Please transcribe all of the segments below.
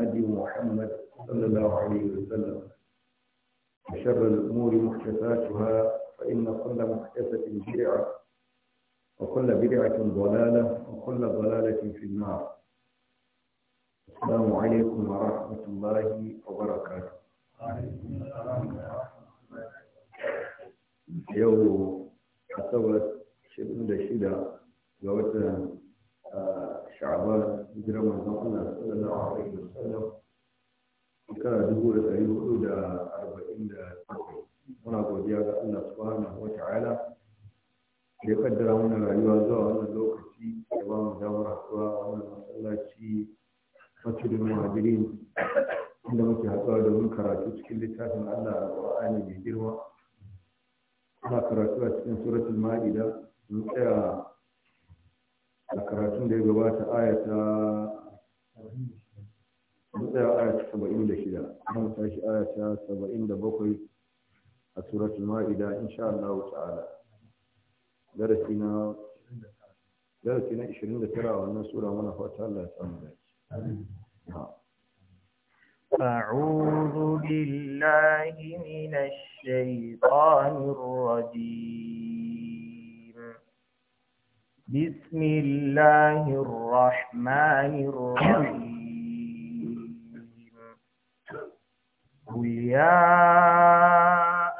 هدي محمد صلى الله عليه وسلم وشر الأمور محدثاتها فإن كل محدثة بدعة وكل بدعة ضلالة وكل ضلالة في النار السلام عليكم ورحمة الله وبركاته يوم أصبت شبه شدة ga sha'aban hijirar manzon Allah sallallahu alaihi wasallam shekara dubu da ɗari hudu da arba'in da bakwai muna godiya ga Allah subhanahu wata'ala da ya kaddara mana rayuwa zuwa wannan lokaci da ba mu damar haɗuwa a wannan masallaci masjidin muhajirin inda muke haɗuwa domin karatu cikin littafin Allah alƙur'ani mai girma ana karatu a cikin suratul ma'ida mun tsaya a karatun da ya gabata ayata ayata saba'in da shida an tashi ayata saba'in da bakwai a suratul ma'ida insha Allah ta'ala darasi na darasi na 29 a wannan sura mana fata Allah ya samu dace أعوذ بالله من الشيطان الرجيم بسم الله الرحمن الرحيم قل يا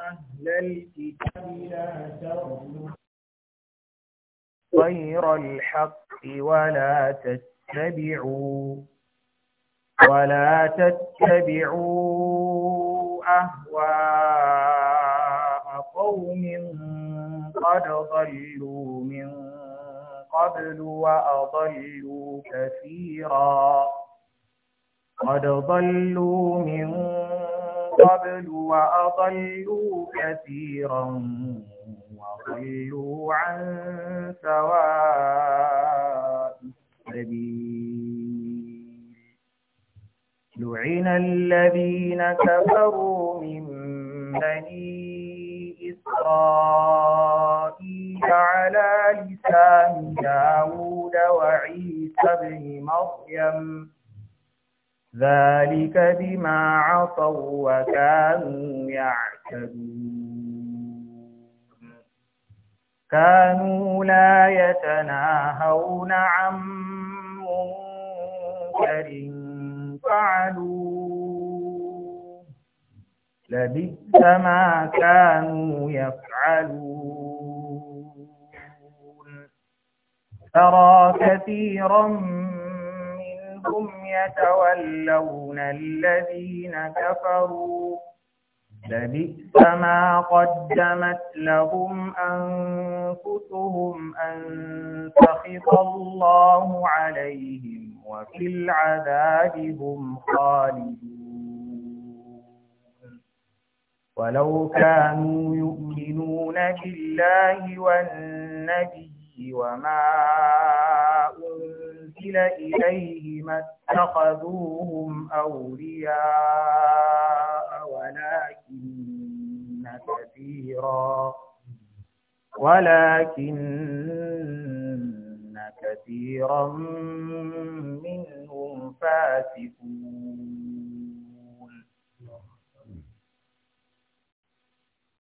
أهل الكتاب لا تغلوا غير الحق ولا تتبعوا ولا تتبعوا أهواء قوم قد ضلوا من قبل وأضلوا كثيرا قد ضلوا من قبل وأضلوا كثيرا وضلوا عن سواء السبيل لعن الذين كفروا من بني إسرائيل على لسان داود وعيسى بن مريم ذلك بما عصوا وكانوا يعتدون كانوا لا يتناهون عن منكر فعلوه لبئس ما كانوا يفعلون ترى كثيرا منهم يتولون الذين كفروا لبئس ما قدمت لهم أنفسهم أن سخط الله عليهم وفي العذاب هم خالدون ولو كانوا يؤمنون بالله والنبي وما أنزل إليه ما اتخذوهم أولياء ولكن كثيرا ولكن كثيرا منهم فاسقون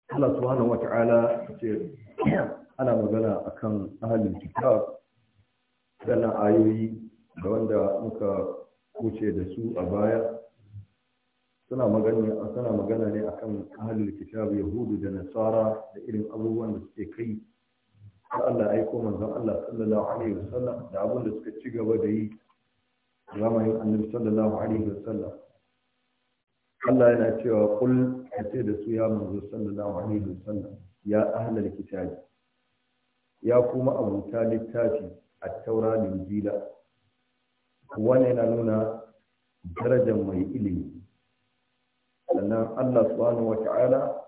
Allah subhanahu wata'ala ce ana magana akan ahalin kitab sannan ayoyi ga wanda muka wuce da su a baya suna magana suna magana ne akan ahalin kitab yahudu da nasara da irin abubuwan da suke kai da Allah ya aiko manzon Allah sallallahu alaihi wasallam da abin da suka ci gaba da yi zamanin annabi sallallahu alaihi wasallam Allah yana cewa kul ka ce da su ya manzo sallallahu alaihi wasallam ya ahlal kitab ya kuma abuta littafi a taura da injila wannan yana nuna darajar mai ilimi sannan Allah subhanahu wata'ala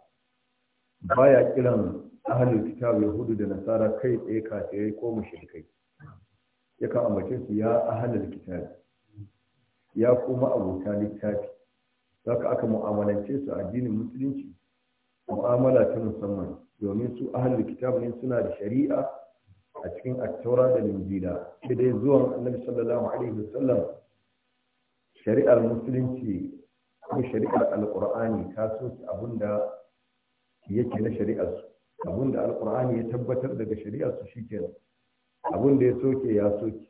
baya kiran ahli kitab yahudu da nasara kai tsaye kafirai ko mushrikai yakan ambace su ya ahlal kitab ya kuma abuta littafi Zaka aka mu'amalance su addinin musulunci mu'amala ta musamman domin su ahlul kitab ne suna da shari'a a cikin attaura da linjila sai dai zuwan annabi sallallahu alaihi wasallam shari'ar musulunci ko shari'ar alqur'ani ta so abinda yake na shari'ar su abinda alqur'ani ya tabbatar daga shari'ar su shikenan abinda ya soke ya soke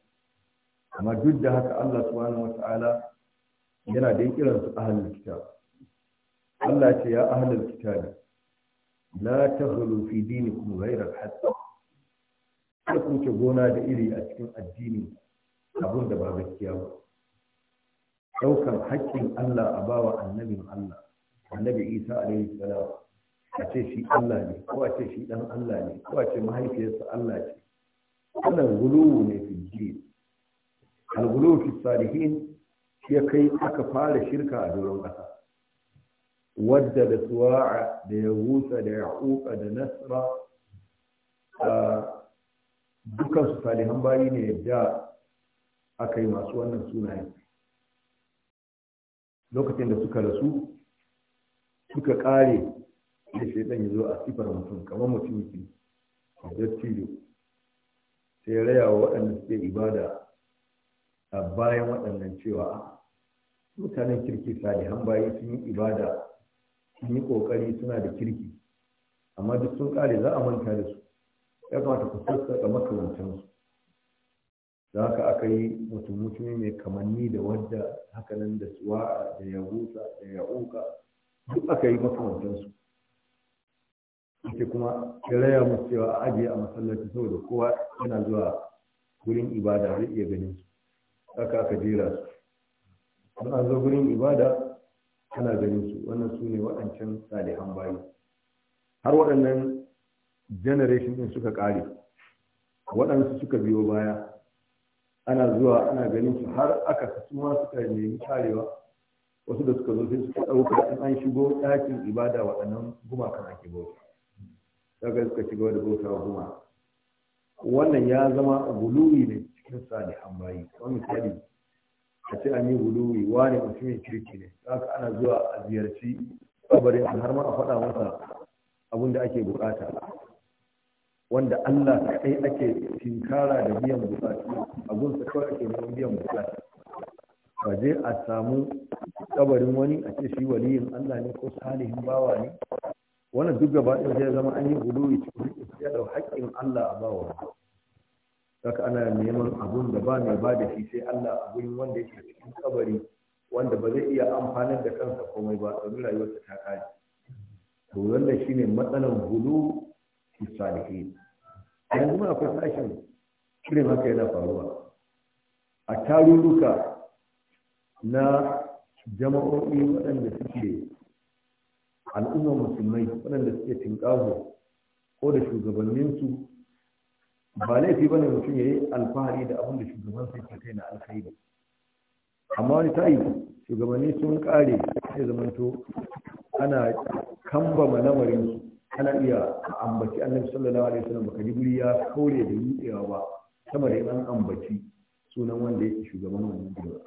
amma duk da haka Allah subhanahu wataala yana da dai su ahlul kitab Allah ce ya ahlul kitab la taghlu fi dinikum ghayra al-haqq kada ku ce gona da iri a cikin addini abun da ba gaskiya ba daukan haƙƙin Allah a bawa annabin Allah annabi Isa alaihi salam a ce shi Allah ne ko a ce shi dan Allah ne ko a ce mahaifiyarsa Allah ce wannan guluwu ne fi ji al-guluwu fi salihin ya kai aka fara shirka a doron ƙasa wadda da suwa'a da ya wusa da ya uka da nasra dukan su salihan bayi ne da aka yi masu wannan sunayen lokacin da suka rasu suka ƙare da shaidan ya zo a sifar mutum kamar mutum yake a dattijo sai raya wa waɗanda suke ibada a bayan waɗannan cewa mutanen kirki salihan bayi sun yi ibada sun yi kokari suna da kirki amma duk sun kare za a manta da su ya kamata ku makarantar su don haka aka yi mutum mutumi mai kamanni da wadda hakanan da suwa da yahusa da yahuka duk aka yi su ita kuma ya raya musu cewa a ajiye a masallaci saboda kowa yana zuwa wurin ibada zai iya ganin su haka aka jera su in zo gurin ibada kana ganin su wannan su ne waɗancan salihan bayi har waɗannan generation din suka ƙare waɗansu suka biyo baya ana zuwa ana ganin su har aka su ma suka nemi karewa wasu da suka zo sai suka ɗauka in an shigo ɗakin ibada waɗannan gumakan ake bauta daga suka shiga da bauta guma wannan ya zama guluwi ne cikin salihan bayi wani misali a ce an yi guluwi wani mutumin kirki ne haka ana zuwa a ziyarci kabarin har ma a faɗa masa abin da ake bukata wanda Allah kai ake tinkara da biyan bukata abun sa kawai ake neman biyan bukata ba je a samu kabarin wani a ce shi waliyin Allah ne ko salihin bawa ne wannan duk gaba ɗaya zai zama an yi guluwi cikin ya dau haƙƙin Allah a bawa saka ana neman abun da ba mai ba da shi sai Allah a wanda yake cikin kabari wanda ba zai iya amfanar da kansa komai ba domin rayuwarsa ta kare to wannan shine matsalan hulu fi salihin yanzu akwai sashin irin haka yana faruwa a tarurruka na jama'o'i waɗanda suke al'ummar musulmai waɗanda suke tinƙaho ko da shugabanninsu ba laifi bane mutum ya yi alfahari da abin da shugaban sai ke kai na alkhairi amma wani tayi shugabanni sun kare sai zamanto ana kambama lamarin su ana iya ambaci annabi sallallahu alaihi wasallam baka jibri ya kaure da yiwa ba sama da an ambaci sunan wanda yake shugaban wannan gaba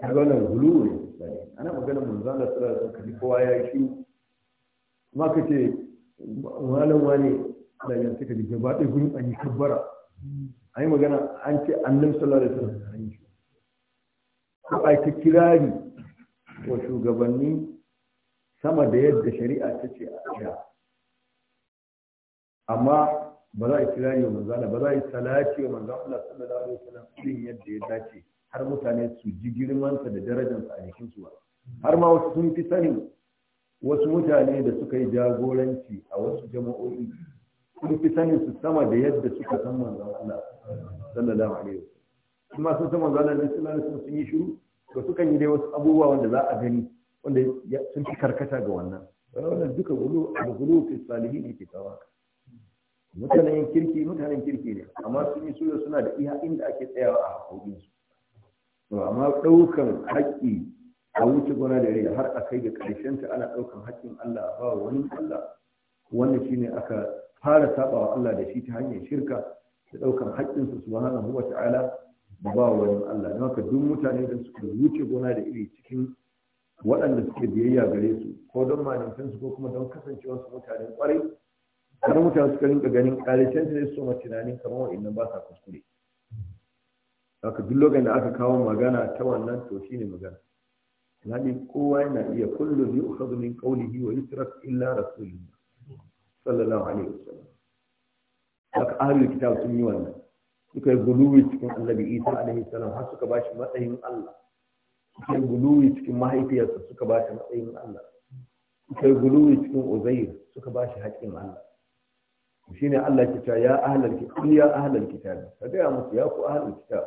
kaga wannan hulu ne ana magana manzo Allah sallallahu alaihi wasallam kowa ya yi shi kuma kace malam wani da suka ji gaba ɗaya gudun an yi kabbara an yi magana an ce annabi sallallahu alaihi wasallam an yi ko a ta kirari wa shugabanni sama da yadda shari'a ta ce a ɗaya amma ba za a yi kirari wa manzana ba za a yi salati wa manzan Allah sallallahu alaihi wasallam irin yadda ya dace har mutane su ji girmansa da darajarsa a jikin su ba har ma wasu sun fi sani wasu mutane da suka yi jagoranci a wasu jama'o'i sun fi sanin su sama da yadda suka san manzon Allah sallallahu alaihi wasallam kuma sun san manzon Allah sallallahu alaihi wasallam sun yi shiru to sukan yi dai wasu abubuwa wanda za a gani wanda sun fi karkata ga wannan wannan duka gulu da gulu fi salihin yake kawa mutanen kirki mutanen kirki ne amma sun yi sura suna da iya inda ake tsayawa a hakokin su amma ɗaukan haƙƙi a wuce gona da rai har a kai ga ƙarshen ta ana ɗaukan haƙƙin Allah ba wani Allah wannan shine aka fara saba wa Allah da shi ta hanyar shirka da ɗaukar su subhanahu wa ta'ala da ba wani Allah don haka duk mutane da suka wuce gona da iri cikin waɗanda suke biyayya gare su ko don malintan su ko kuma don kasancewar su mutanen ƙwarai kamar mutane suka rinka ganin ƙarshen su su ma tunanin kamar wa'innan ba sa kuskure haka duk lokacin da aka kawo magana ta wannan to shine magana Lani kowa yana iya kullum yi ukhadhu min qawlihi wa yutrak illa rasulullah صلى الله عليه وسلم لك أهل الكتاب سنيوانا لك يقولوا يتكن النبي إيسا عليه السلام حسك باش مأهن الله لك يقولوا يتكن ماهي فيها سك باش مأهن الله لك يقولوا يتكن أزير سك باش حكيم الله وشين الله كتا يا أهل الكتاب قل يا أهل الكتاب فدي أمس يا أهل الكتاب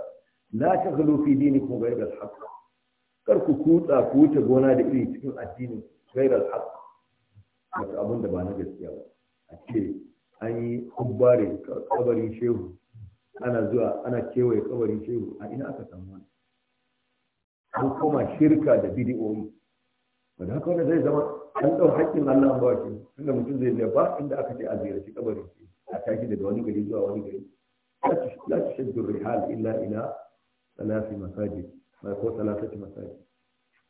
لا تغلوا في دينكم غير الحق كركو كوتا كوتا بونا دي إيسا غير الحق أبو ندبانا جسيا الله a ce an yi kubbare kabarin shehu ana zuwa ana kewaye kabarin shehu a ina aka samu wani an koma shirka da bidiyoyi wanda haka wani zai zama an ɗau haƙƙin Allah ba shi inda mutum zai da ba inda aka ce a ziyarci kabarin shi a tashi daga wani gari zuwa wani gari la tushaddu rihal illa ila Salafi masajid ma ko Salafi masajid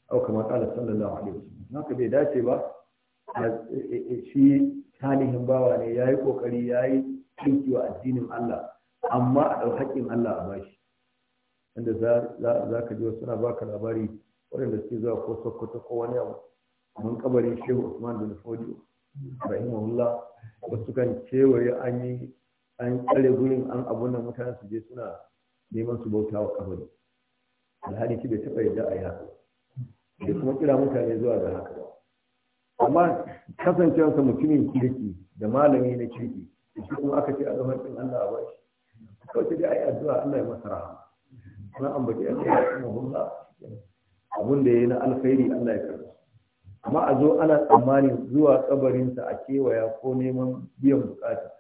au kama qala sallallahu alaihi wasallam haka bai dace ba e, e, e, shi salihin bawa ne ya yi ƙoƙari ya yi aiki wa addinin Allah amma a ɗau haƙƙin Allah a bashi wanda za ka ji wasu suna baka labari waɗanda suke zuwa ko sokoto ko wani abu mun kabarin shehu usman bin fodiyo rahimahullah wasu kan kewaye an yi an tsare gurin an abun nan mutane su je suna neman su bauta wa kabari alhali shi bai taɓa yadda a yi haka bai kuma kira mutane zuwa ga haka amma sa mutumin kirki da malami na kirki shi kuma aka ce a zaman ɗin Allah a bashi kawai dai addu'a Allah ya masa rahama kuma an Allah ya rahama abun da yayi na alkhairi Allah ya karba amma a zo ana tsammanin zuwa kabarinsa a kewaya ko neman biyan bukata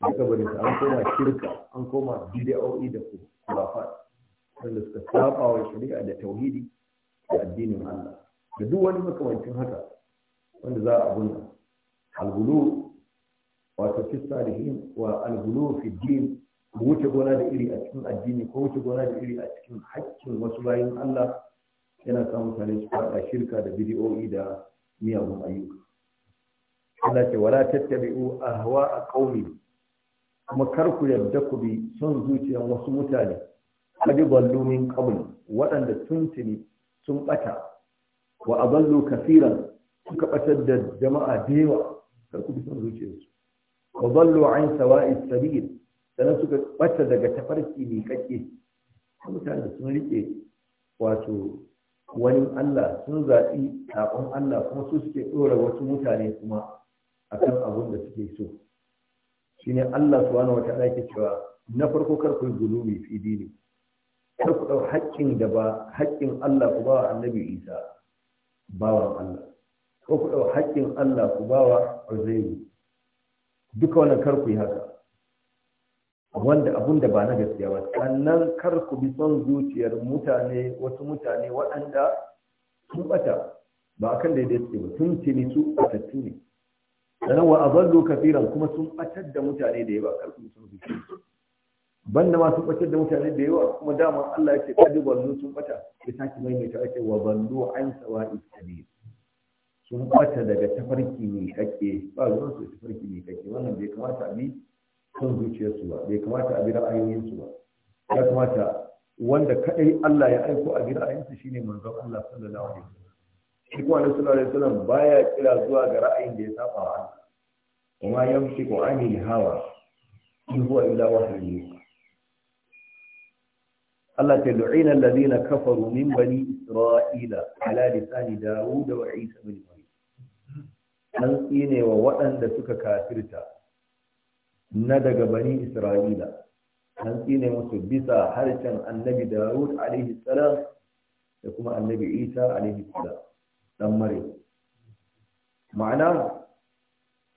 a kabarinsa an koma kirka, an koma bid'o'i da kurafat wanda suka saba wa shari'a da tauhidi da addinin Allah da duk wani makamancin haka wanda za a abun nan algulu wato fi salihin wa algulu fi din wuce gona da iri a cikin addini ko wuce gona da iri a cikin haƙƙin wasu bayan Allah yana sa mutane su shirka da bidi'o'i da miyagun ayyuka Allah ce wala tattabi'u ahwa a qaumi kuma kar ku yarda ku bi son zuciyar wasu mutane kadi ballu min qabl waɗanda tuntuni sun bata wa adallu kasiran suka batar da jama'a da yawa kar ku san zuciyarsu wa dallu an sawa'i sabil sannan suka bata daga tafarki mai kake mutane sun riƙe wato wani Allah sun zaɓi saƙon Allah kuma su suke ɗora wasu mutane kuma akan abin da suke so shine Allah wani wata yake cewa na farko kar ku gulumi fi dini kar ku ɗau haƙƙin da ba haƙƙin Allah ku ba wa annabi Isa bawan Allah ko ku ɗau haƙƙin Allah ku bawa uzairu duka wannan kar ku yi haka wanda abun da ba na gaskiya ba sannan kar ku bi son zuciyar mutane wasu mutane waɗanda sun ɓata ba akan daidai suke ba sun tuni su ɓatattu ne sannan wa azallu kafiran kuma sun ɓatar da mutane da yawa kar ku bi son zuciyar banda ma sun ɓatar da mutane da yawa kuma dama Allah ya ce kadi ballu sun ɓata ya sake maimaita ake wa ballu an sawa'i sabil sun kwata daga tafarki mai kake ba zuwan su tafarki mai kake wannan bai kamata a bi son zuciyarsu ba bai kamata a bi ra'ayoyinsu ba ya kamata wanda kadai Allah ya aiko a bi ra'ayinsu shine manzon Allah sallallahu alaihi wasallam shi kuma Allah sallallahu alaihi wasallam baya kira zuwa ga ra'ayin da ya saba wa Allah kuma yamshi ko ani hawa in huwa illa wahyu Allah ta lu'ina alladhina kafaru min bani isra'ila ala lisani daud wa isa bin an tsine wa waɗanda suka kafirta na daga bani isra'ila an tsine musu bisa harshen annabi dawud alaihi salam da kuma annabi isa alaihi salam dan mare ma'ana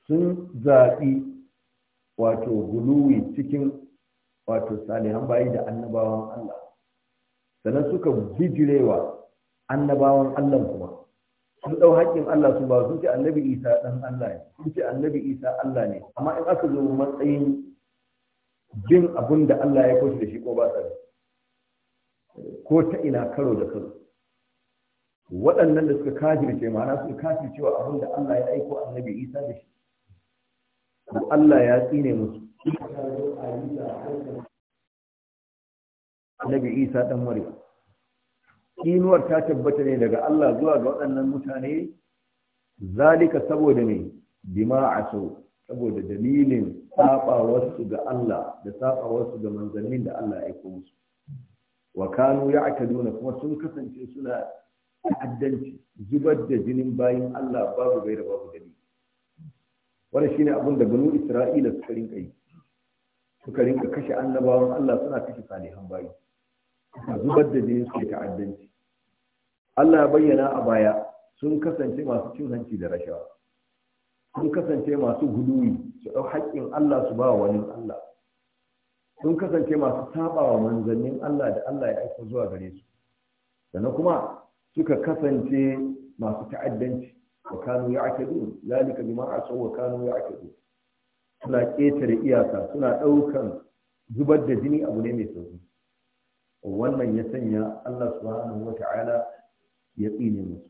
sun zaɓi wato guluwi cikin wato salihan bayi da annabawan allah sannan suka bijirewa annabawan allah kuma sun ɗau haƙƙin Allah su ba sun ce annabi Isa ɗan Allah ne sun ce annabi Isa Allah ne amma in aka zo matsayin bin abin da Allah ya kwashi da shi ko ba sa ko ta ina karo da karo waɗannan da suka kafirce ma'ana suka kafircewa abin da Allah ya aiko annabi Isa da shi Allah ya tsine musu annabi Isa ɗan Maryam kinuwar ta tabbata ne daga Allah zuwa ga waɗannan mutane zalika saboda ne bima aso saboda dalilin wasu ga Allah da wasu ga manzannin da Allah ya aiko musu wa kanu nuna kuma sun kasance suna ta'addanci zubar da jinin bayin Allah babu da babu dalili shi shine abin da banu Isra'ila suka rinka yi suka rinka kashe annabawan Allah suna kashe salihan bayi zubar da jinin su ta'addanci Allah ya bayyana a baya sun kasance masu cin hanci da rashawa sun kasance masu guduwi su ɗau haƙƙin Allah su ba wani Allah sun kasance masu saba wa manzannin Allah da Allah ya aiko zuwa gare su sannan kuma suka kasance masu ta'addanci wa kanu zuwa lalika bi ma'a wa kanu ya'tadun suna ƙetare iyaka suna ɗaukan zubar da jini abu ne mai sauki wannan ya sanya Allah subhanahu wa ta'ala ya tsine musu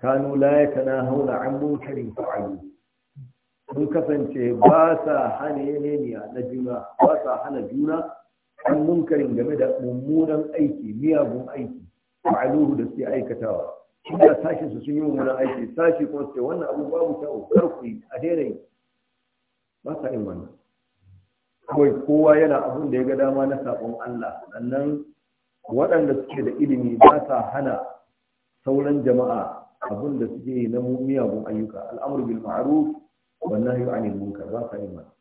kanu la hauna an munkarin fa'alu sun kasance ba sa hana yaneniya na juna ba sa hana juna an munkarin game da mummunan aiki miyagun aiki ma'aluhu da suke aikatawa shi da su sun yi mummunan aiki sashi kuma su ce wannan abu babu kyau kar ku yi a daina yi ba sa yin wannan kawai kowa yana abun da ya ga dama na sabon Allah sannan waɗanda suke da ilimi ba ta hana sauran jama'a abin da suke yi na miyagun ayyuka al'amur bil ma'aruf wa nahyu anil munkar ba sa yin wannan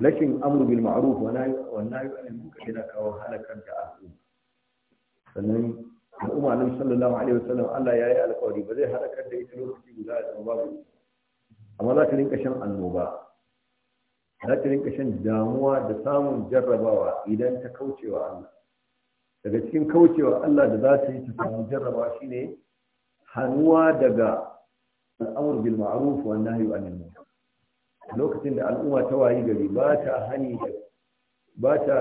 lakin amru bil ma'ruf wa nahyu anil munkar yana kawo halakar da al'umma sannan al'umma nan sallallahu alaihi wasallam Allah ya yi alƙawari ba zai halakar da ita lokaci guda da ba. amma za ka rinka shan annoba za ka rinka shan damuwa da samun jarrabawa idan ta kaucewa Allah daga cikin kaucewa Allah da za su yi cikin jarraba shi ne hannuwa daga al'amur bil ma'ruf wa nahyi anil munkar lokacin da al'umma ta wayi gari ba ta hani da ba ta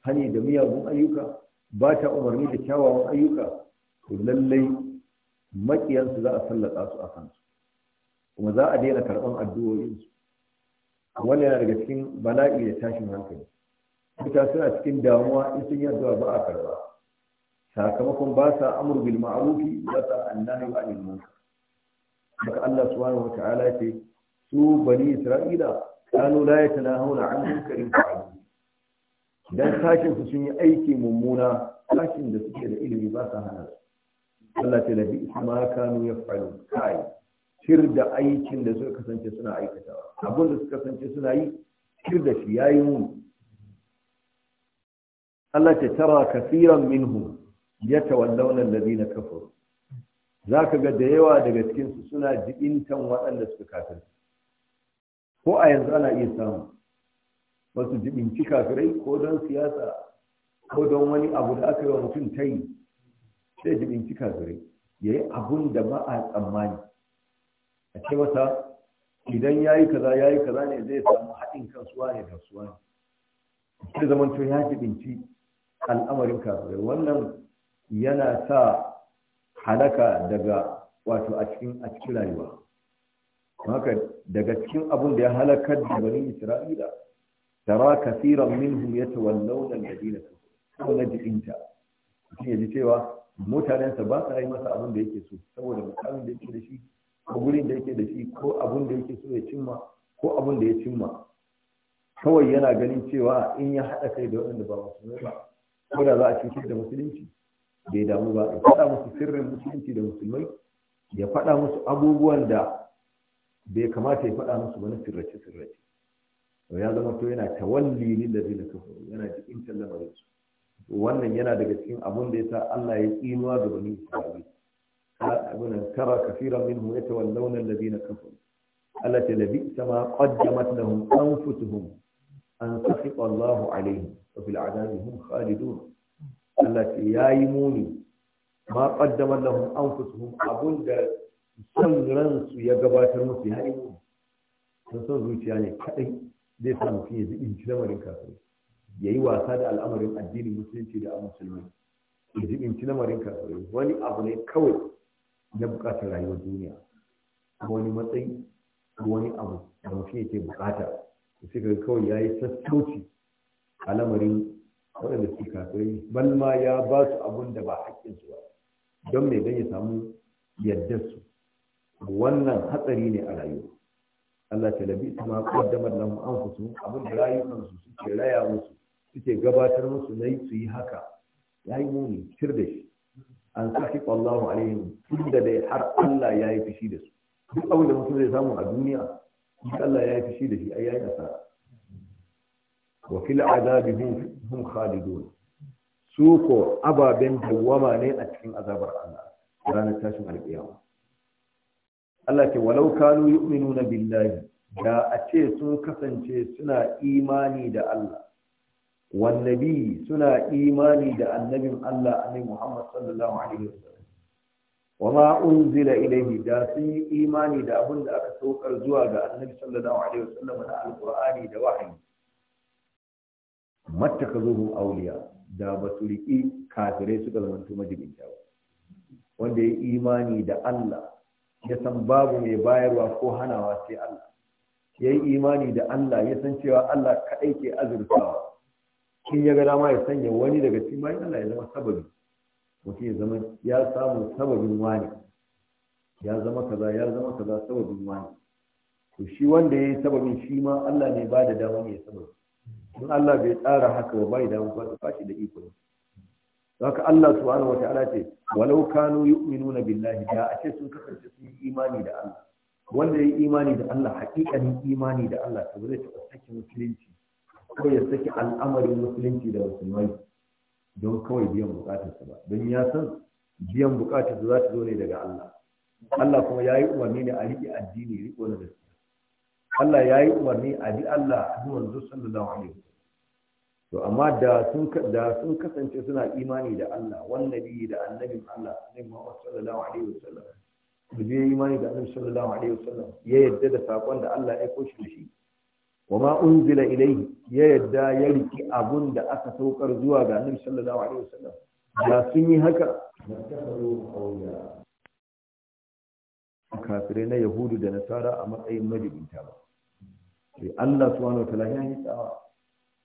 hani da miyagun ayyuka ba ta umarni da kyawawan ayyuka to lallai makiyansu za a sallaka su a kansu kuma za a daina karɓan addu'o'insu wannan yana daga cikin bala'i da tashin hankali mutane suna cikin damuwa in sun yi ba a karba sakamakon ba sa amur bil ma'rufi ba sa annahi wa anil munkar Allah subhanahu wa ta'ala ce su bani Isra'ila kanu la yatanahuna an munkarin fa'alu dan sashin su sun yi aiki mummuna sashin da suke da ilimi ba sa hana su Allah ta labi ma kanu yaf'alu kai shir da aikin da suka kasance suna aikatawa abin da suka kasance suna yi shir da shi yayi mu Allah ta tara kafiran minhu ya tawallawna alladhina kafaru zaka ga da yawa daga cikin su suna jibintan waɗanda suka kafir ko a yanzu ana iya samu wasu jibinci kafirai ko don siyasa ko don wani abu da aka yi wa mutum ta yi sai jibinci kafirai ya yi abun da ba a tsammani a ce masa idan ya yi kaza ya yi kaza ne zai samu haɗin kasuwa ne da suwa ne sai zaman to ya jibinci al'amarin kafirai wannan yana sa halaka daga wato a cikin a cikin rayuwa haka daga cikin abin da ya halakar da bani isra'ila tara kasiran minhum yatawallawna alladina saboda jikinta shi ya ji cewa sa ba sa yi masa abin da yake so saboda mukamin da yake da shi ko gurin da yake da shi ko abin da yake so ya cimma ko abin da ya cimma kawai yana ganin cewa in ya haɗa kai da waɗanda ba masu ba ko da za a cutar da musulunci bai damu ba ya faɗa musu sirrin musulunci da musulmai ya faɗa musu abubuwan da bai kamata ya faɗa musu wani sirrace sirrace to ya zama to yana tawalli lil ladina kafaru yana cikin lamarin su wannan yana daga cikin abun da ya sa Allah ya tsinuwa ga bani Isra'ila abun tara kafiran minhum yatawallawna alladhina kafaru Allah ta labi sama qaddamat lahum anfusuhum an sakhita Allahu alaihim wa fil azabi hum khalidun Allah ce yayi muni ma qaddama abun da san ya gabatar musu yayi muni zuciya ne kadai zai wasa da al'amarin addinin musulunci da musulmai ya ji lamarin kafiri wani abu ne rayuwar duniya wani da yake bukata sai kawai a lamarin waɗanda suke kafirai bal ma ya ba su abun da ba haƙƙinsu ba don mai don ya samu su wannan hatsari ne a rayuwa Allah ta labi ta ma kaddamar an anfusuhum abin da rayukansu suke raya musu suke gabatar musu na su yi haka yi muni shir da shi an saki Allahu alaihim da dai har Allah ya yi fushi da su duk abin da mutum zai samu a duniya Allah ya yi fushi da shi ai yayi wa fil azabi hum khalidun su ko ababen dawwama ne a cikin azabar Allah ranar tashin alƙiyama Allah ke walau kanu yu'minuna billahi da a ce sun kasance suna imani da Allah wannabi suna imani da annabin Allah annabi Muhammad sallallahu alaihi wasallam wama unzila ilaihi da sun yi imani da abin da aka saukar zuwa ga annabi sallallahu alaihi wasallam da alqur'ani da wahayi matta ka zuhun auliya da ba su riƙi kafirai suka zamanto majibinta ba wanda ya imani da Allah ya san babu mai bayarwa ko hanawa sai Allah ya yi imani da Allah ya san cewa Allah kaɗai ke azurtawa in ya ga dama ya sanya wani daga cikin bayan Allah ya zama sababi mutum ya zama ya samu sababin wani ya zama kaza ya zama kaza sababin wani to shi wanda ya yi sababin shi ma Allah ne ba da dama ne ya sababi in Allah bai tsara haka ba bai ba su fashi da iko haka Allah subhanahu wa ta'ala ce walau kanu yu'minuna billahi da a ce sun kasance sun yi imani da Allah wanda ya yi imani da Allah hakikanin imani da Allah to zai taɓa saki musulunci ko ya saki al'amarin musulunci da musulmai don kawai biyan bukatarsa ba don ya san biyan bukatarsa za ta zo ne daga Allah Allah kuma ya yi umarni ne a riƙe addini riƙo na gaskiya Allah ya yi umarni a bi Allah a bi manzo sallallahu alaihi to amma da sun da sun kasance suna imani da Allah wan nabi da annabin Allah annabi Muhammad sallallahu alaihi wasallam bude imani da annabi sallallahu alaihi wasallam ya yadda da sakon da Allah ya koshi da shi wa ma unzila ilayhi ya yadda ya riki abun da aka saukar zuwa ga annabi sallallahu alaihi wasallam da sun yi haka kafire na yahudu da nasara a matsayin majibinta ba sai Allah subhanahu wa ta'ala ya yi tsawa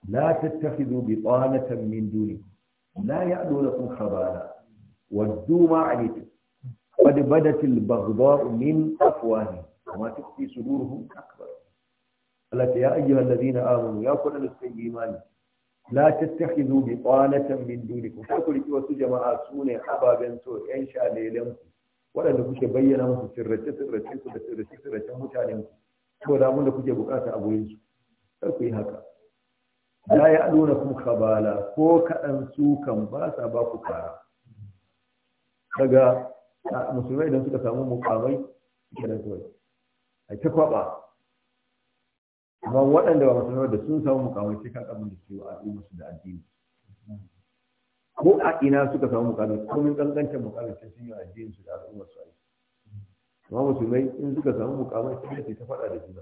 la tattakhidhu bitanatan min duni la ya'lu lakum khabala waddu ma alitu qad badat al-baghdha'u min afwahi wa tukfi suduruhum akbar Allah ya ayyuhal ladina amanu ya kullu lisayyi imani la tattakhidhu bitanatan min dunikum ku riki wasu jama'a sune ababen so yan shalelen ku waɗanda kuke bayyana musu sirrace sirrace su da sirrace sirrace mutanen ku ko da mun da kuke bukata a gurin su kar ku yi haka la ya aluna kuma kabala ko kaɗan su kan ba sa ba ku kara daga musulmai idan suka samu mukamai da kawai a ta kwaba amma waɗanda ba musulmai da sun samu mukamai sai ka kamar da su a musu da addini ko a ina suka samu mukamai komin ƙanƙancin mukamai sai sun yi addini su da al'ummar su a amma musulmai in suka samu mukamai sai ta faɗa da juna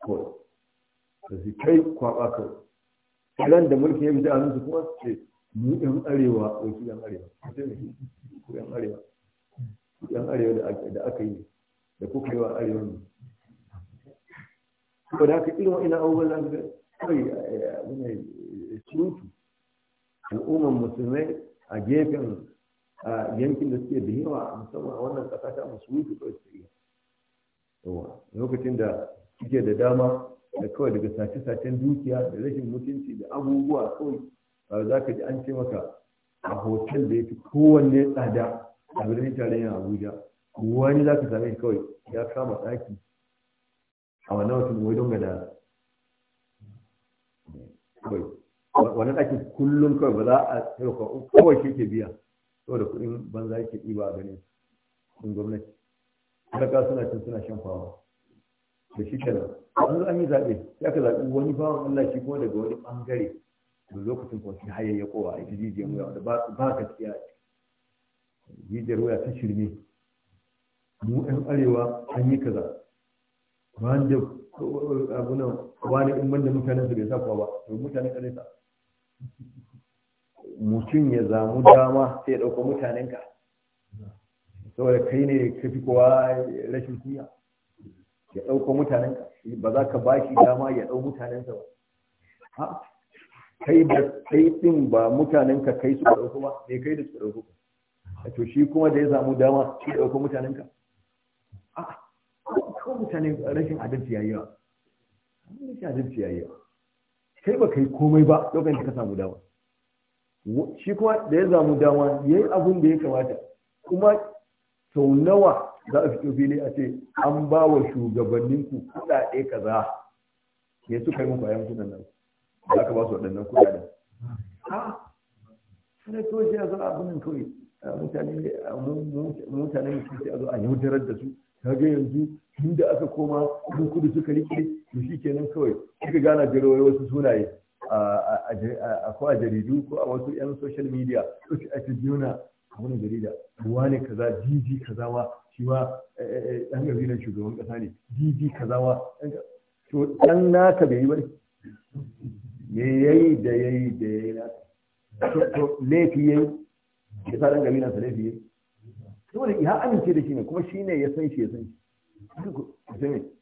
kawai da su kai kwaba kawai kalan da mulkin ya fita hannunsu kuma su ce mu yan arewa ko su yan arewa ku yan arewa yan arewa da aka yi da kuka yi wa arewa ne ko da haka irin wa'ina abubuwan za ga kai wani eh, eh, surutu al'umman musulmai a gefen yankin da suke da yawa musamman a wannan ƙasa ta musulmi kawai su yi. lokacin da suke da dama da kawai daga sace-sacen dukiya da rashin mutunci da abubuwa kawai Ba za ka ji an ce maka a hotel da ya fi kowanne tsada a birnin tarayyar abuja wani za ka same kawai ya kama ɗaki a wannan wasu wai don gada kawai wannan ɗakin kullum kawai ba za a taimaka kawai shi ke biya saboda kuɗin banza yake ɗiba a ganin gwamnati. Kuma ka suna cin suna shan fawa da shi kenan an an yi zaɓe sai aka zaɓi wani bawan Allah shi kuma daga wani ɓangare da lokacin kuma shi hayayya kowa a ita jijiyar wuya da ba ka gaskiya jijiyar wuya ta shirme mu ɗan arewa an yi kaza wanda abuna wani in banda mutanen su bai sa kowa ba to mutanen ƙarfi sa mutum ya zamu dama sai ya ɗauko ka. saboda kai ne ka fi kowa rashin kunya ya ɗauko mutanen eh, ba za ka bashi dama ya ɗau mutanensa ba kai da kai ɗin ba mutanenka kai su ɗauko ba me kai da su ɗauko a to shi kuma da ya samu dama shi ɗauko mutanenka a ko mutane rashin adalci yayi yawa rashin adalci yayi ba kai ba kai komai ba lokacin da ka samu dama shi kuma da ya samu dama yayi abin da ya kamata kuma sau nawa za a fito fili a ce an ba wa shugabanninku kuɗaɗe kaza ke su yi muku a yankunan nan za ka ba su waɗannan kuɗaɗen ha sai to shi a zo abin kawai mutane mutane su ce a zo a yaudarar da su ta ga yanzu inda aka koma mun kudu suka rike to shi kenan kawai suka gana jarowai wasu sunaye a ko a jaridu ko a wasu yan social media to a ce juna wani jarida ruwa ne kaza dg kazawa shi ma eh, eh, eh, ɗan gazinan shugaban ƙasa ne dg kazawa to ɗan naka bai yi ba ya yi da ya yi da ya yi naka to laifi ya yi ya sa ɗan gazinan sa laifi ya yi yayi saboda ya amince da shi ne kuma shi ne ya san shi ya san shi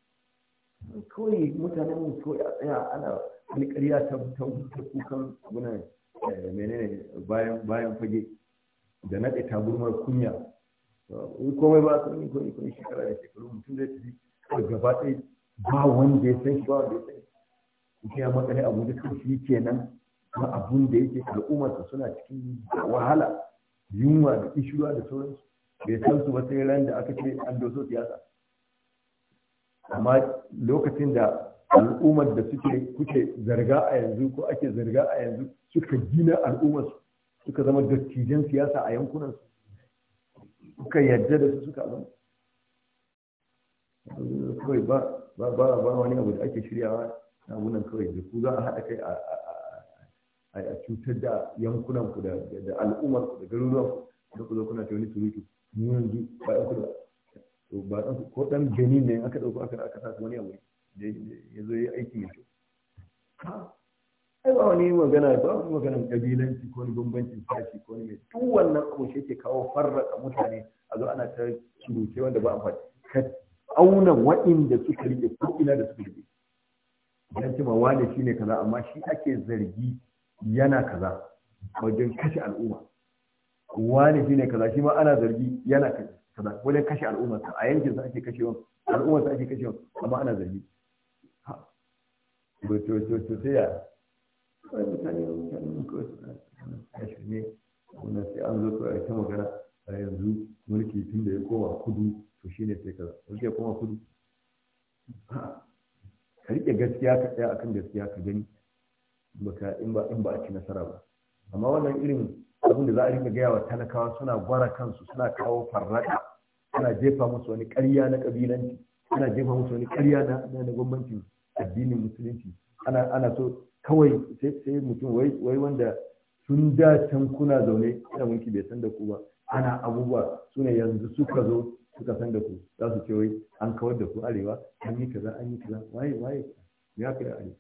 kawai mutanen kawai a tsaya ana alƙarya ta kukan abunan menene bayan fage da naɗe taburmar kunya komai ba su yi komai komai shekara da shekaru mutum zai tafi a gaba ɗai ba wanda ya san shi ba wanda ya san shi ya matsayi abu da kan shi kenan na abun da yake su suna cikin wahala yunwa da kishuwa da sauransu bai san su ba sai ran da aka ce an doso siyasa amma lokacin da al'ummar da suke kuke zarga a yanzu ko ake zarga a yanzu suka gina al'ummarsu suka zama dattijan siyasa a yankunan su suka yadda da su suka zama kawai ba ba ba wani abu da ake shiryawa na abunan kawai da ku za a haɗa kai a cutar da yankunan ku da al'ummar ku da garuruwan ku da ku zo kuna ta wani turuki mu yanzu ba ɗan kudu ba ɗan ko ɗan benin ne aka ɗauko aka aka sa wani abu da ya zo ya aiki mai kyau ai ba wani magana ba wani maganar kabilanci ko wani bambancin sashi ko wani mai duk wannan abu shi yake kawo farraka mutane a zo ana ta surutai wanda ba amfani ka auna waɗanda suka rike ko ina da suka rike dan cewa wane shine kaza amma shi ake zargi yana kaza wajen kashe al'umma wane shine kaza shi ma ana zargi yana kaza wajen kashe al'umma a yankin sa ake kashewa al'umma sa ake kashewa amma ana zargi to to to sai ya kawai mutane ba mutane ba kawai suna tashi ne wannan sai an zo kawai ta magana a yanzu mulki tun da ya koma kudu to shi ne sai kaza mulki ya koma kudu ka riƙe gaskiya ka tsaya akan gaskiya ka gani baka in ba in ba a ci nasara ba amma wannan irin abin da za a rika gaya wa talakawa suna gwara kansu suna kawo farraka suna jefa musu wani ƙarya na ƙabilanci ana jefa musu wani ƙarya na gwamnati bambancin addinin musulunci ana so kawai sai mutum wai wanda sun da can kuna zaune ina wanki bai san da ku ba ana abubuwa su ne yanzu suka zo suka san da ku za su ce wai an kawar da ku arewa an yi kaza an yi kaza waye waye ya kai arewa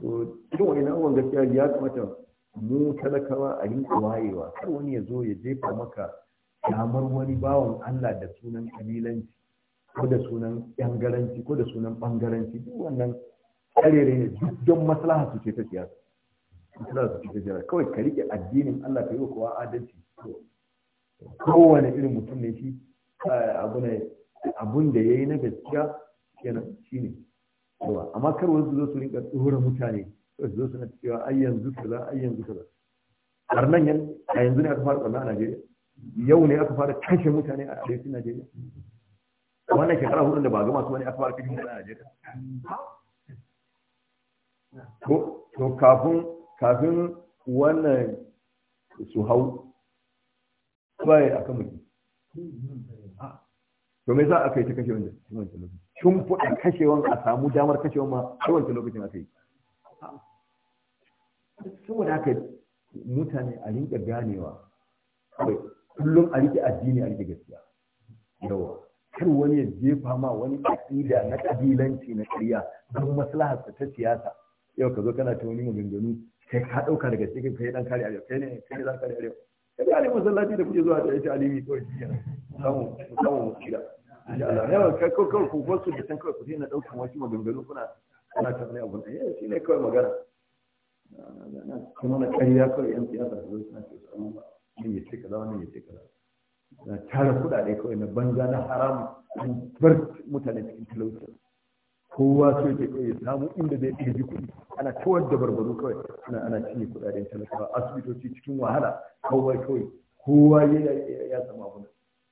to cikin wani abubuwan gaskiya ya kamata mu talakawa a rinka wayewa kar wani ya zo ya jefa maka damar wani bawan Allah da sunan kabilanci ko da sunan yangaranci ko da sunan bangaranci duk wannan karere ne duk don maslaha su ce ta siyasa maslaha su ce ta siyasa kawai ka rike addinin Allah ka yi wa kowa adalci kowane irin mutum ne shi eh, abun da ya yi na gaskiya kenan shi ne amma kar wasu zo su rinka tsohura mutane su zo suna cewa ai yanzu kaza ai yanzu kaza har nan yan a yanzu ne aka fara tsanna a Najeriya yau ne aka fara kashe mutane a arewacin Najeriya wannan shekara hudun da ba ga masu wani aka fara kashe mutane a Najeriya to kafin kafin wannan su hau baya a kan mutum to me za a kai ta kashe wanda wancan lokacin tun kashewan a samu damar kashewan ma a wancan lokacin aka yi saboda haka mutane a rinƙa ganewa kawai kullum a rike addini a rike gaskiya yawa kar wani ya jefa ma wani ƙasida na ƙabilanci na ƙarya don maslahar ta siyasa yau ka zo kana ta wani maganganu kai ka ɗauka daga cikin kai ɗan kare arewa kai ne kai ne za ka kare arewa kai da arewa da kuke zuwa da ita alimi kawai shi jiya. samu samu mu Allah yawa kai ko kawai ku wasu da san kawai ku na ɗaukan wasu maganganu kuna kana ta wani abu ne eh, shi ne kawai magana kuma na ƙarya kawai yan siyasa da zai suna ce su amma ba nan ya ce kaza wannan ya ce kaza na tara kuɗaɗe kawai na banza na haramu an bar mutane cikin talauci kowa sai da ya samu inda zai ɗaya kuɗi ana kawar da barbaro kawai ana ana cinye kuɗaɗen talakawa asibitoci cikin wahala kawai kawai kowa ya zama abu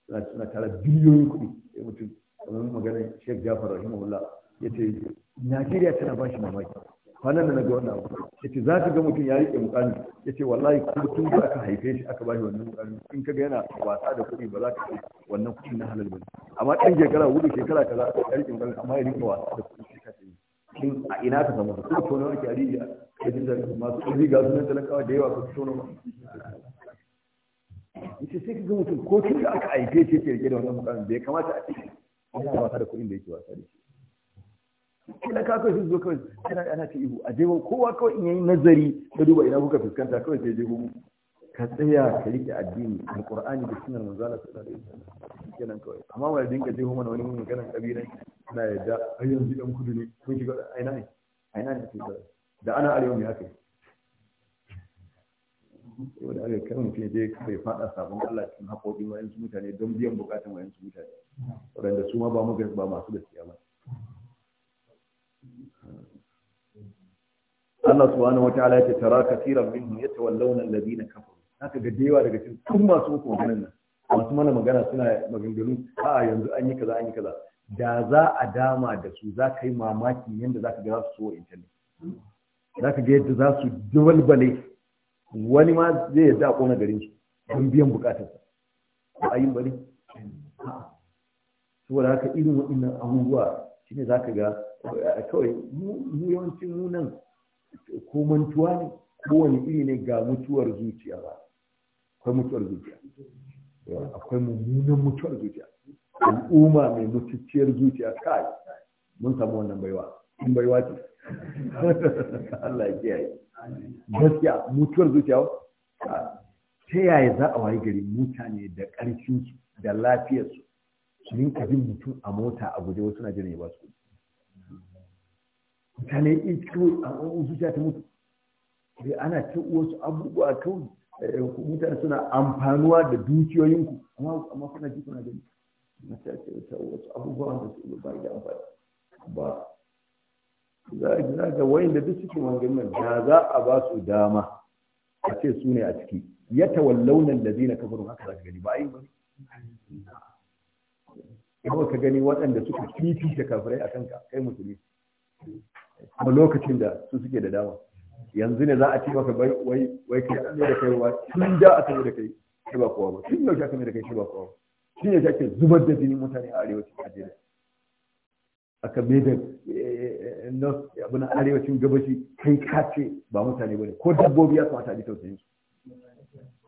suna suna tara biliyoyin kuɗi sai mutum kamar maganar shek Jafar rahimahullah ya ce Najeriya tana ba shi mamaki kwanan da na ga wannan abu ce za ka ga mutum ya riƙe mukami yace wallahi ko tun da aka haife shi aka bashi wannan mukami in ka ga yana wasa da kuɗi ba za ka ce wannan kuɗi na halal ba. amma ɗan shekara hudu shekara kaza ya riƙe mukami amma ya rike wasa da kuɗi shi ka ce shin a ina ka samu Kuma ko nawa kyari ya ya ji zai masu kuɗi ga sunan talakawa da yawa ko ba ya yace sai ka ga mutum ko tun da aka haife shi yake rike da wannan mukami bai kamata a ce yana wasa da kuɗin da yake wasa da shi kila ka kawai zo kawai ana ana ta ihu a jewa kowa kawai in yayi nazari da duba ina kuka fuskanta kawai sai jehu ka tsaya ka rike addini alqur'ani da sunnar manzo Allah sallallahu alaihi wasallam kenan kawai amma wai dinga jehu mana wani mun maganar kabilan na yadda ai yanzu dan kudu ne kun shiga aina ne aina ne kuka da ana arewa mai haka yau da aka kan mutum dai bai fada sabon Allah cikin haƙoƙin wayansu mutane don biyan bukatun wayansu mutane waɗanda su ma ba mu ba masu gaskiya ba Allah subhanahu wa ya ce tara kaseeran minhum yatawallawna alladhina kafaru haka ga dewa daga cikin tun masu muku ganin nan masu mana magana suna maganganu a yanzu an yi kaza an yi kaza da za a dama da su za ka yi mamaki yadda za ka ga za su so internet za ka ga yadda za su dubalbale wani ma zai yadda a kona garin su don biyan bukatarsa ba a yin bane saboda haka irin waɗannan abubuwa shine za ka ga kawai mu yawancin mu nan ko mantuwa ne kowane iri ne ga mutuwar zuciya ba akwai mutuwar zuciya akwai mummunan mutuwar zuciya al'umma mai mutucciyar zuciya kai mun samu wannan baiwa in baiwa ce Allah ya yi gaskiya mutuwar zuciya ta yaya za a wayi gari mutane da ƙarfinsu da lafiyarsu su rinka bin mutum a mota a guje wasu na jirage ya ba su mutane ito a zuciya ta mutu sai ana ta wasu abubuwa kawai eh, mutane suna amfanuwa da dukiyoyinku amma kuna ji kuna gani mutane wasu abubuwa da su ba da amfani ba za a gina ga wayan da duk suke maganin da za a ba su dama a ce su ne a ciki ya tawallaunan da zina kafin haka za ka gani ba a yi ba kawai ka gani waɗanda suka da kafirai a kanka kai musulmi a lokacin da su suke da dama yanzu ne za a ce maka wai wai kai an da kai wa tun da aka da kai shi ba kowa ba tun yaushe aka da kai shi ba kowa ba tun yaushe ake zubar da jinin mutane a arewacin Najeriya aka mai da eh, eh, eh, abin arewacin gabashi kai ka ce ba mutane ba ne ko dabbobi ya kamata a ji tausayin su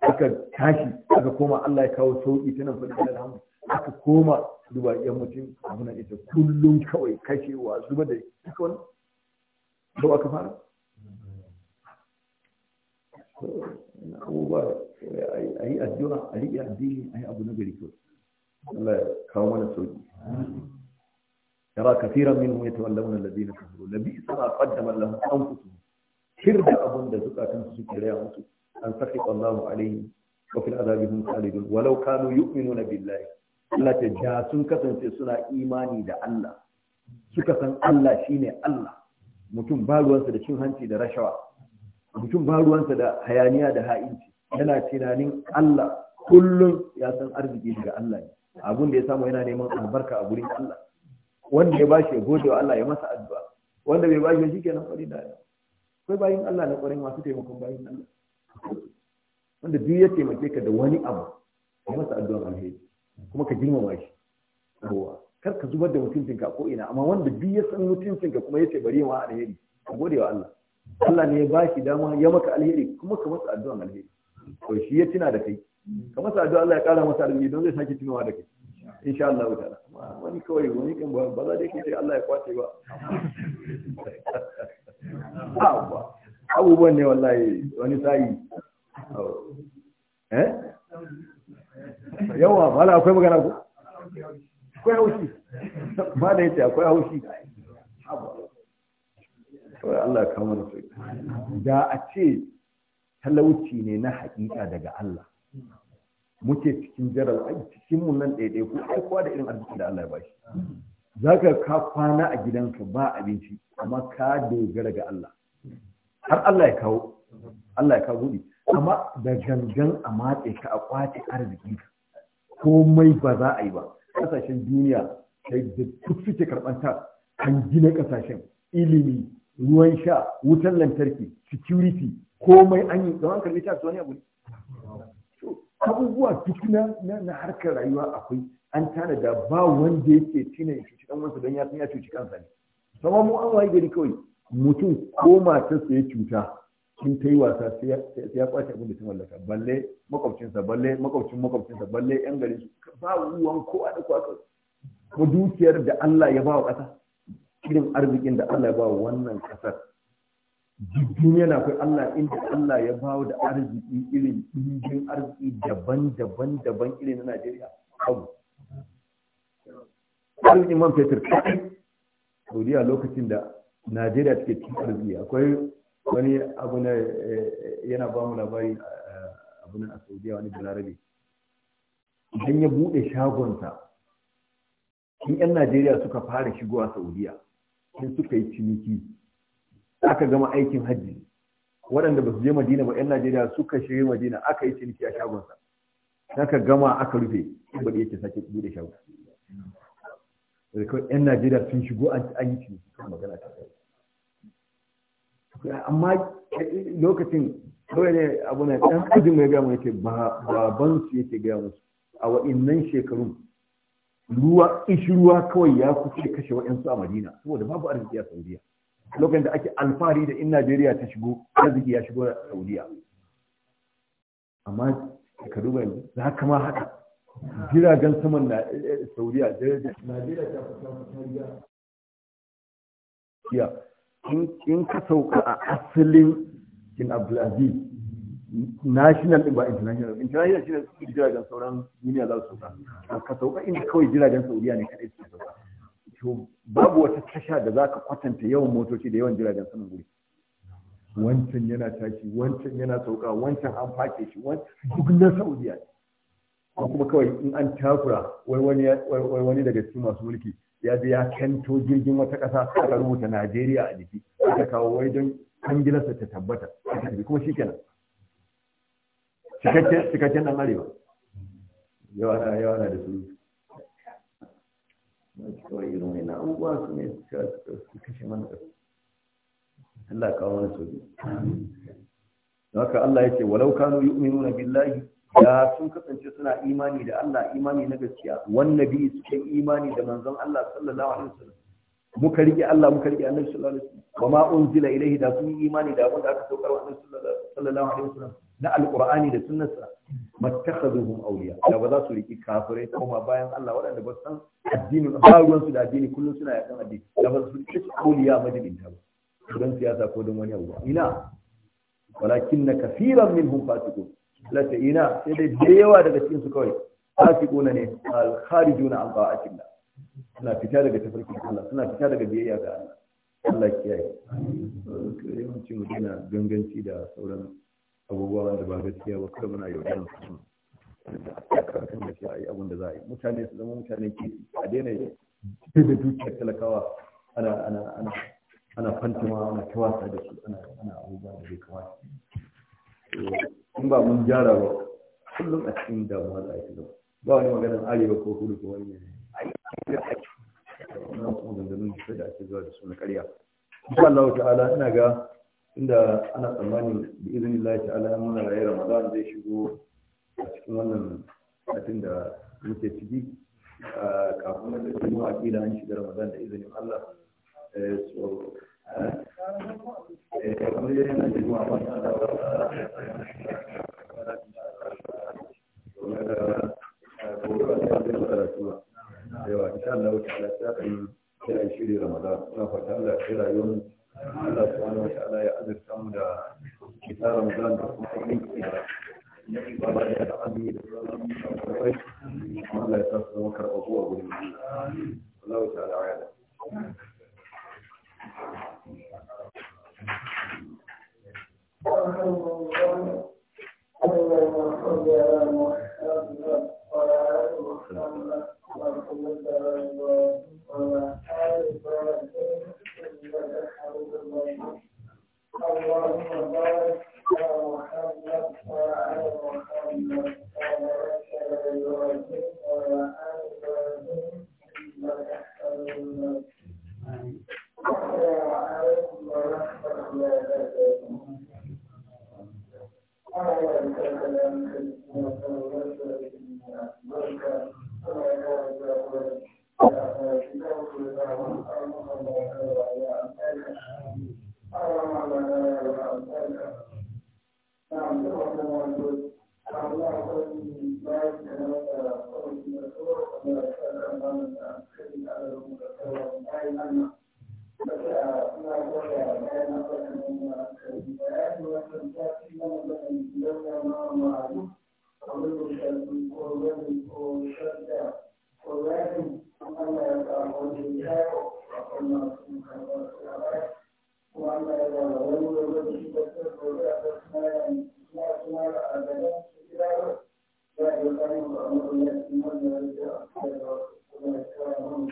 aka tashi aka koma Allah ya kawo sauki ta nan faɗi da alhamdu aka koma duba yammacin mutum ita kullum kawai kashewa zubar da ita wannan yau aka fara abubuwa a yi addu'a a riƙe addini a yi abu na gari kyau Allah ya kawo mana sauki tara kafiran minhum yatawallawna alladhina kafaru labi sa qaddama lahum anfusuhum kirda abun da zukatan su suke raya musu an sakhi Allahu alaihim wa fil azabi hum khalidun walau kanu yu'minuna Allah sun kasance suna imani da Allah suka san Allah shine Allah mutum ba ruwansa da cin hanci da rashawa mutum ba ruwansa da hayaniya da ha'inci yana tunanin Allah kullum ya san arziki daga Allah ne abun da ya samu yana neman albarka a gurin Allah wanda ya bashi ya gode wa Allah ya masa addu'a wanda bai bashi shi kenan kwari da ya kai bayin Allah na kwarin masu taimakon bayin Allah wanda duk ya taimake ka da wani abu ya masa addu'a alheri kuma ka girmama shi kar ka zubar da mutuncinka ko ina amma wanda duk ya san mutuncinka kuma yace bari ma alheri ka gode wa Allah Allah ne ya ba shi dama ya maka alheri kuma ka masa addu'an alheri to shi ya tuna da kai ka masa addu'a Allah ya kara masa alheri don zai sake tunawa da kai insha Allah ta'ala wani kawai wani kan ba za da yake sai Allah ya kwace ba abubuwa abubuwan ne wallahi wani sa'i eh yawa wala akwai magana ko akwai haushi ba da yace akwai haushi kawai Allah ka mana su da a ce talauci ne na haƙiƙa daga Allah muke cikin jarar ai cikin mu nan ɗaiɗai ko ai kowa da irin arziki da Allah ya bashi zaka ka kwana a gidanka ba abinci amma ka dogara ga Allah har Allah ya kawo Allah ya kawo amma da gangan a matse ka a kwace ka. komai ba za a yi ba kasashen duniya da duk suke karɓar ta kan gina kasashen ilimi ruwan sha wutan lantarki security komai an yi don an karɓi ta wani abu abubuwa duk na harkar rayuwa akwai an tana da ba wanda yake tina ya cuci kanwansa don ya san ya cuci kansa ne. Sama mu an waye gari kawai mutum ko matarsa ya cuta sun ta yi wasa sai ya kwace abin da ta mallaka balle makwabcinsa balle makwabcin makwabcinsa balle yan gari su ba ruwan kowa da kowa ko dukiyar da Allah ya ba wa ƙasa irin arzikin da Allah ya ba wa wannan ƙasar duniya na kai Allah inda Allah ya ba da arziki irin ɗimbin arziki daban-daban daban irin na Najeriya abu arzikin man fetur kaɗai Saudiya lokacin da Najeriya take cikin arziki akwai wani abu na eh, yana ba mu labari eh, abu na a saudiya wani balarabe idan ya buɗe shagonsa in 'yan najeriya suka fara shigowa saudiya in suka yi ciniki aka gama aikin hajji waɗanda ba su je madina ba 'yan najeriya suka shirya madina aka yi ciniki a shagonsa aka gama aka rufe ba yake sake buɗe shagon da 'yan najeriya sun shigo an yi ciniki kan magana ta kai amma lokacin kawai ne abu na ɗan kudin mai gama yake baban su yake gaya musu a wa'innan shekarun ruwa ishi ruwa kawai ya kuce kashe wa'yansu a madina saboda babu arziki a saudiya lokacin da ake alfahari da in najeriya ta shigo arziki ya shigo a saudiya amma shekaru duba za ka ma haka jiragen saman na eh, saudiya najeriya ta ya in ka sauka a asalin in abdulaziz national din ba international international ne su jiragen sauran duniya za su sauka ka sauka inda kawai jiragen saudiya ne kadai su sauka to babu wata tasha da za ka kwatanta yawan motoci da yawan jiragen saman guri wancan yana tashi wancan yana sauka wancan an fake shi duk na saudiya ne kuma kawai in an takura wai wani daga cikin masu mulki ya je ya kanto jirgin wata ƙasa a aka rubuta Najeriya a jiki aka kawo wai don kangilarsa ta tabbata tafi kuma shi kenan cikakken ɗan arewa yawa na da su kawai irin wani abubuwa su ne su kashe mana Allah kawo mana sobi. Haka Allah ya ce walau kanu yu'minuna billahi da sun kasance suna imani da Allah imani na gaskiya wannan bi suke imani da manzon Allah sallallahu alaihi wasallam muka rike Allah muka rike Annabi sallallahu alaihi wasallam wa ma unzila ilayhi da sun yi imani da abin da aka saukar wa Annabi sallallahu alaihi wasallam na alqur'ani da sunnarsa mattakhaduhum awliya da ba za su riki kafirai ko ma bayan Allah waɗanda ba san addini ba ruwan su da addini kullun suna yakan addini da ba su riki awliya majalin ta ba don siyasa ko don wani abu ina walakin na kafiran minhum fasiqun lata ina sai dai da yawa daga cikin su kawai fasiquna ne al kharijuna an ta'atillah suna fita daga tafarkin Allah suna fita daga biyayya ga Allah Allah kiyaye ci mutum na ganganci da sauran abubuwa wanda ba gaskiya ba kuma muna yaudaran su kan da sai abin da za a yi mutane su zama mutane ke a daina da dukiyar talakawa ana ana ana ana fantuma ana tawasa da su ana ana abubuwa da bai kamata in ba mun gyara ba kullum a cikin damuwa za a ci ba wani maganin arewa ko kudu ko wani yanayi wannan kuma gangamin da da ake zuwa da su na ƙarya insha Allah ta'ala ina ga inda ana tsammanin da izinin Allah ta'ala in muna raye Ramadan zai shigo a cikin wannan satin da muke ciki ah, kafin da kuma akila an shiga Ramadan da izinin Allah eh, Allah ya sa zama karɓar zuwa gurin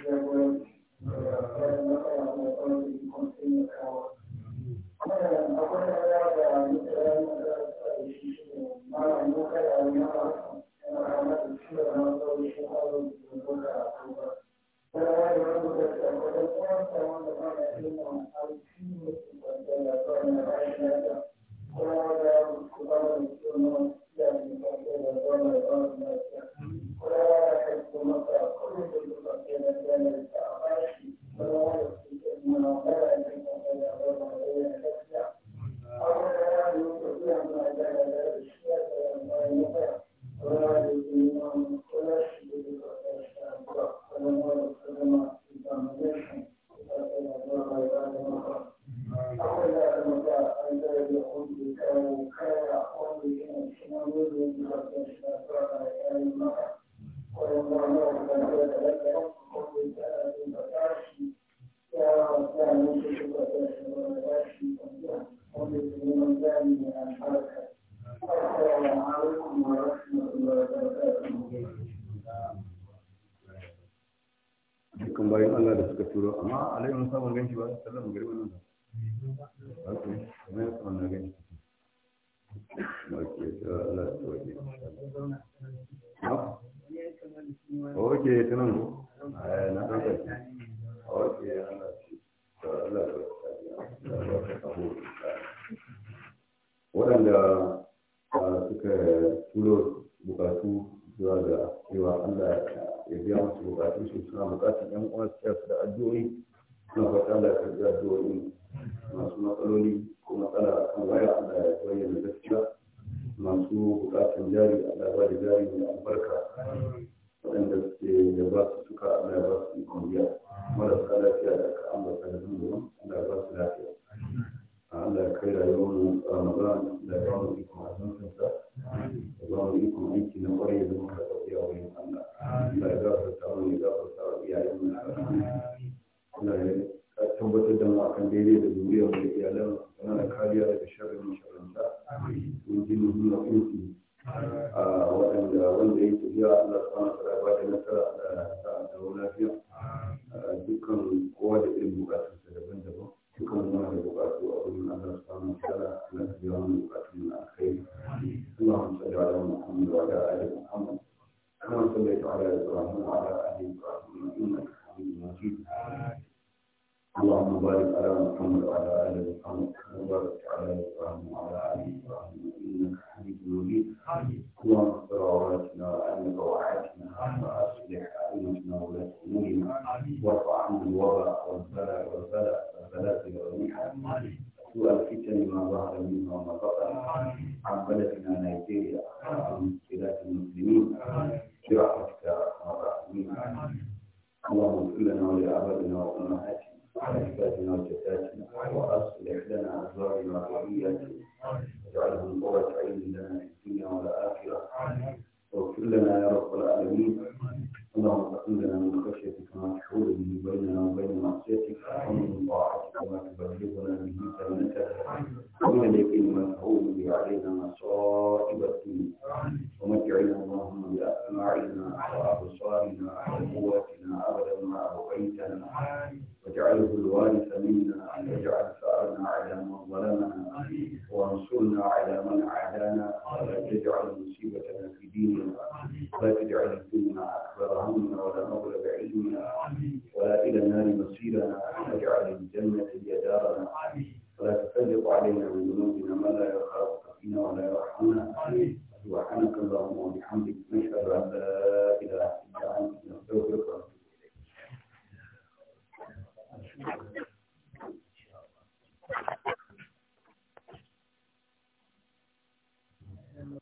Thank you. oke tunan na ɗan ƙarfi oke ana ce Allah da waɗanda suka tulo bukatu zuwa ga cewa Allah ya biya musu bukatu su suna bukatun 'yan uwa su da addu'o'i والصلاة والصلاة والصلاة